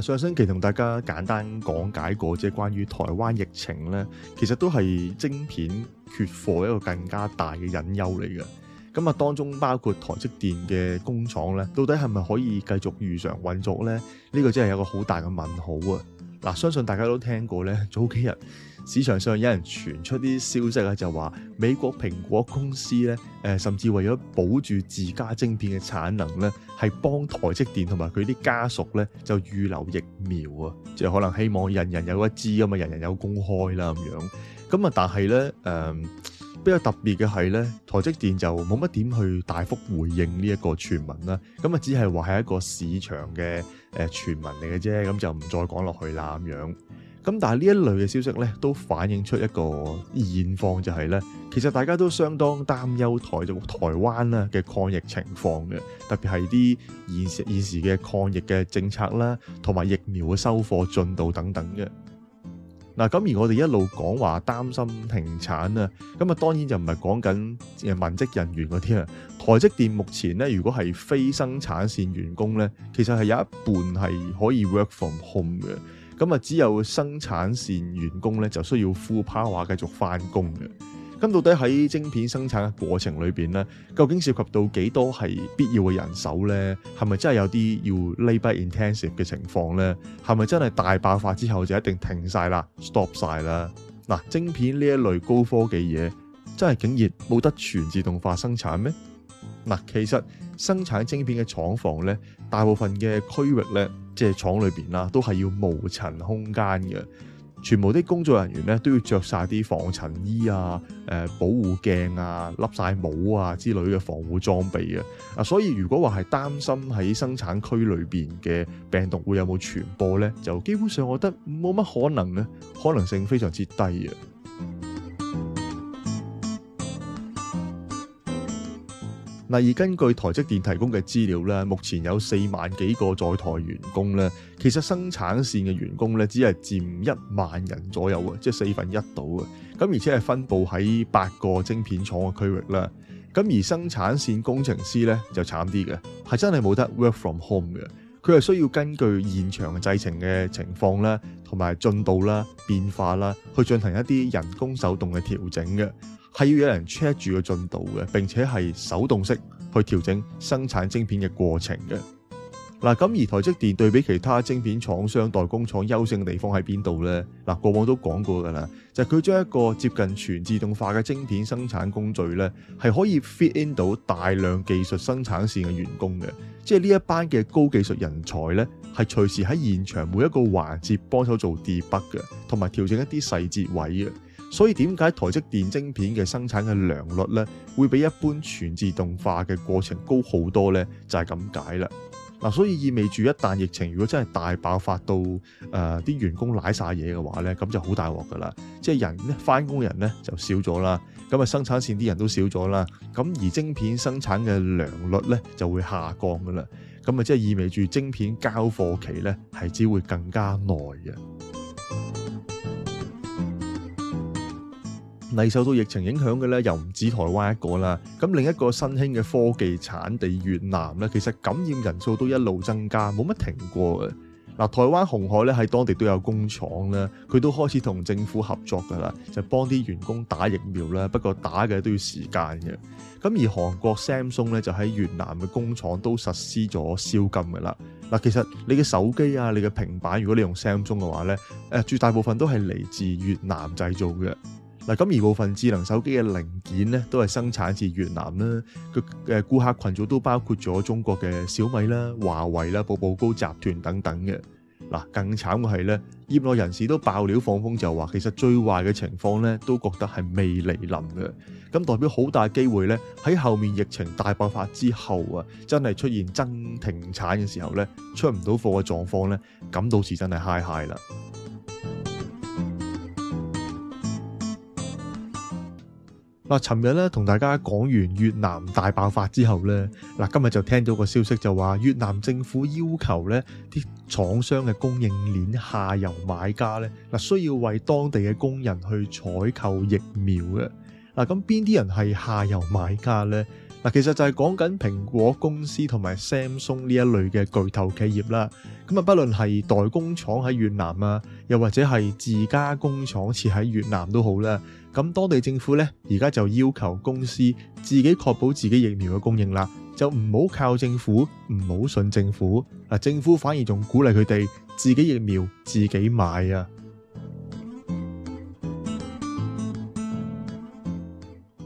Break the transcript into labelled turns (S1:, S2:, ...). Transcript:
S1: 上星期同大家簡單講解過，即係關於台灣疫情咧，其實都係晶片缺貨一個更加大嘅隱憂嚟嘅。咁啊，當中包括台積電嘅工廠咧，到底係咪可以繼續如常運作咧？呢個真係有個好大嘅問號啊！嗱，相信大家都聽過咧，早幾日市場上有人傳出啲消息，就話美國蘋果公司咧，誒，甚至為咗保住自家晶片嘅產能咧，係幫台積電同埋佢啲家屬咧，就預留疫苗啊，即係可能希望人人有一支，啊人人有公開啦咁樣咁啊，但係咧，嗯比較特別嘅係咧，台積電就冇乜點去大幅回應呢一個傳聞啦，咁啊只係話係一個市場嘅誒傳聞嚟嘅啫，咁就唔再講落去啦咁樣。咁但係呢一類嘅消息咧，都反映出一個現況，就係咧，其實大家都相當擔憂台台灣啊嘅抗疫情況嘅，特別係啲現時現時嘅抗疫嘅政策啦，同埋疫苗嘅收貨進度等等嘅。嗱，咁而我哋一路講話擔心停產啊，咁啊當然就唔係講緊誒文職人員嗰啲啊，台積電目前咧如果係非生產線員工咧，其實係有一半係可以 work from home 嘅，咁啊只有生產線員工咧就需要 full power 繼續翻工嘅。咁到底喺晶片生產嘅過程裏邊咧，究竟涉及到幾多係必要嘅人手呢？係咪真係有啲要 labour intensive 嘅情況呢？係咪真係大爆發之後就一定停晒啦、stop 晒啦？嗱，晶片呢一類高科技嘢，真係竟然冇得全自動化生產咩？嗱，其實生產晶片嘅廠房呢，大部分嘅區域呢，即係廠裏邊啦，都係要無塵空間嘅。全部啲工作人員咧都要着晒啲防塵衣啊、誒、呃、保護鏡啊、笠晒帽啊之類嘅防護裝備嘅。啊，所以如果話係擔心喺生產區裏邊嘅病毒會有冇傳播呢，就基本上我覺得冇乜可能啊，可能性非常之低嘅。嗱，而根據台積電提供嘅資料咧，目前有四萬幾個在台員工咧，其實生產線嘅員工咧，只係佔一萬人左右嘅，即係四分一到嘅，咁而且係分布喺八個晶片廠嘅區域啦。咁而生產線工程師咧就慘啲嘅，係真係冇得 work from home 嘅。佢係需要根據現場製程嘅情況啦，同埋進度啦、變化啦，去進行一啲人工手動嘅調整嘅，係要有人 check 住個進度嘅，並且係手動式去調整生產晶片嘅過程嘅。嗱，咁而台積電對比其他晶片廠商代工廠優勝嘅地方喺邊度呢？嗱，過往都講過㗎啦，就係佢將一個接近全自動化嘅晶片生產工序呢，係可以 fit in 到大量技術生產線嘅員工嘅，即係呢一班嘅高技術人才呢，係隨時喺現場每一個環節幫手做 debug 嘅，同埋調整一啲細節位嘅。所以點解台積電晶片嘅生產嘅良率呢，會比一般全自動化嘅過程高好多呢？就係咁解啦。嗱，所以意味住一旦疫情如果真係大爆發到，誒啲員工賴晒嘢嘅話咧，咁就好大鑊噶啦。即係人咧返工人咧就少咗啦，咁啊生產線啲人都少咗啦，咁而晶片生產嘅良率咧就會下降噶啦，咁啊即係意味住晶片交貨期咧係只會更加耐嘅。受到疫情影響嘅咧，又唔止台灣一個啦。咁另一個新興嘅科技產地越南咧，其實感染人數都一路增加，冇乜停過嘅。嗱，台灣鴻海咧喺當地都有工廠咧，佢都開始同政府合作噶啦，就幫啲員工打疫苗啦。不過打嘅都要時間嘅。咁而韓國 Samsung 咧就喺越南嘅工廠都實施咗宵禁嘅啦。嗱，其實你嘅手機啊，你嘅平板，如果你用 Samsung 嘅話咧，誒，絕大部分都係嚟自越南製造嘅。嗱，而部分智能手機嘅零件咧，都係生產自越南啦。佢誒顧客群組都包括咗中國嘅小米啦、華為啦、步步高集團等等嘅。嗱，更慘嘅係咧，業內人士都爆料放風就話，其實最壞嘅情況咧，都覺得係未嚟臨嘅。咁代表好大機會咧，喺後面疫情大爆發之後啊，真係出現增停產嘅時候咧，出唔到貨嘅狀況咧，咁到時真係嗨嗨啦。嗱，尋日咧同大家講完越南大爆發之後呢，嗱，今日就聽到個消息，就話越南政府要求呢啲廠商嘅供應鏈下游買家呢，嗱，需要為當地嘅工人去採購疫苗嘅。嗱咁邊啲人係下游買家呢？嗱，其實就係講緊蘋果公司同埋 Samsung 呢一類嘅巨頭企業啦。咁啊，不論係代工廠喺越南啊，又或者係自家工廠設喺越南都好啦。咁當地政府呢，而家就要求公司自己確保自己疫苗嘅供應啦，就唔好靠政府，唔好信政府。政府反而仲鼓勵佢哋自己疫苗自己買啊。